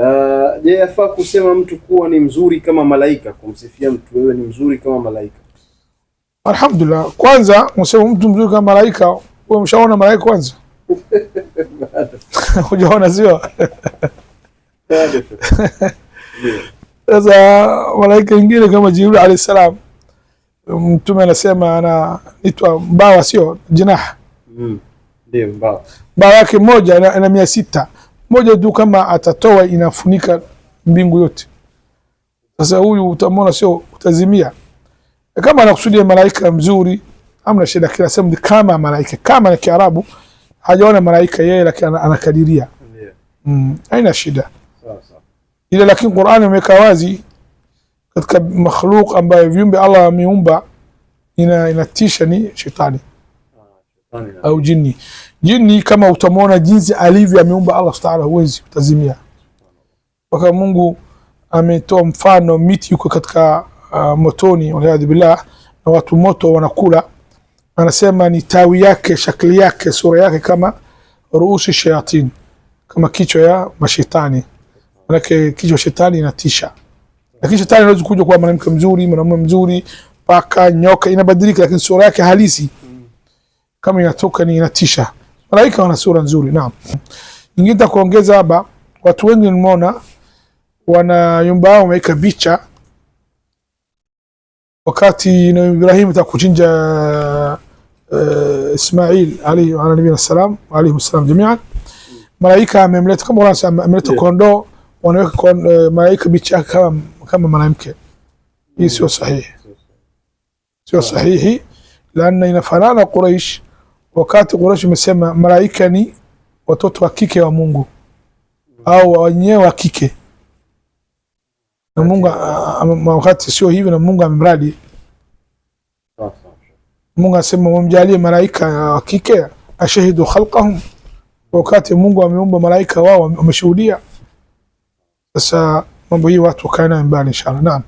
Eh, je, uh, yafaa kusema mtu kuwa ni mzuri kama malaika? Kumsifia mtu wewe ni mzuri kama malaika. Alhamdulillah, kwanza msema mtu mzuri kama malaika, wewe mshaona malaika kwanza? Hujaona sio? Sasa malaika wengine kama Jibril alayhi salam, mtume anasema ana nitwa mbawa, sio jinaha. Mm, ndio mbawa. Mbawa yake moja ina mia sita moja tu, kama atatoa inafunika mbingu yote. Sasa huyu utamwona, sio utazimia. E, kama anakusudia malaika mzuri, amna shida, kila sehemu ni kama malaika. Kama ni Kiarabu hajaona malaika yeye, lakini anakadiria mm, haina shida ila, lakini Qur'ani imeweka wazi katika makhluk ambayo viumbe Allah ameumba, ina inatisha ni shetani au jini. Jini kama utamwona jinsi alivyo ameumba Allah Taala, huwezi kutazimia. Wakati Mungu ametoa mfano, miti yuko katika uh, motoni, waliadhu billah, na watu moto wanakula, anasema ni tawi yake, shakli yake, sura yake kama ruusi shayatin, kama kichwa ya mashetani. Manake kichwa shetani inatisha, lakini shetani anaweza kuja kuwa mwanamke mzuri, mwanamume mzuri, paka, nyoka, inabadilika, lakini sura yake halisi kama inatoka ni inatisha. Malaika wana sura nzuri. Naam, ningita kuongeza hapa, watu wengi nimeona wana nyumba yao wameweka bicha, wakati na Ibrahim atakuchinja uh, Ismail alayhi wa nabii salam alayhi salam jami'an, malaika amemleta kama wanasema amemleta kondoo wanaweka eh, malaika bicha kama kama mwanamke. Hii sio sahihi, sio sahihi, lana inafanana Quraish wakati Quraysh umesema malaika ni watoto wa kike wa Mungu au wenyewe wa kike na Mungu, ah, wakati sio hivyo, na Mungu amemradi. Mungu asema wamjalie malaika wa kike ashahidu khalqahum, wakati Mungu ameumba malaika wao wameshuhudia. Sasa mambo hii watu wakaena mbali, inshallah. Naam.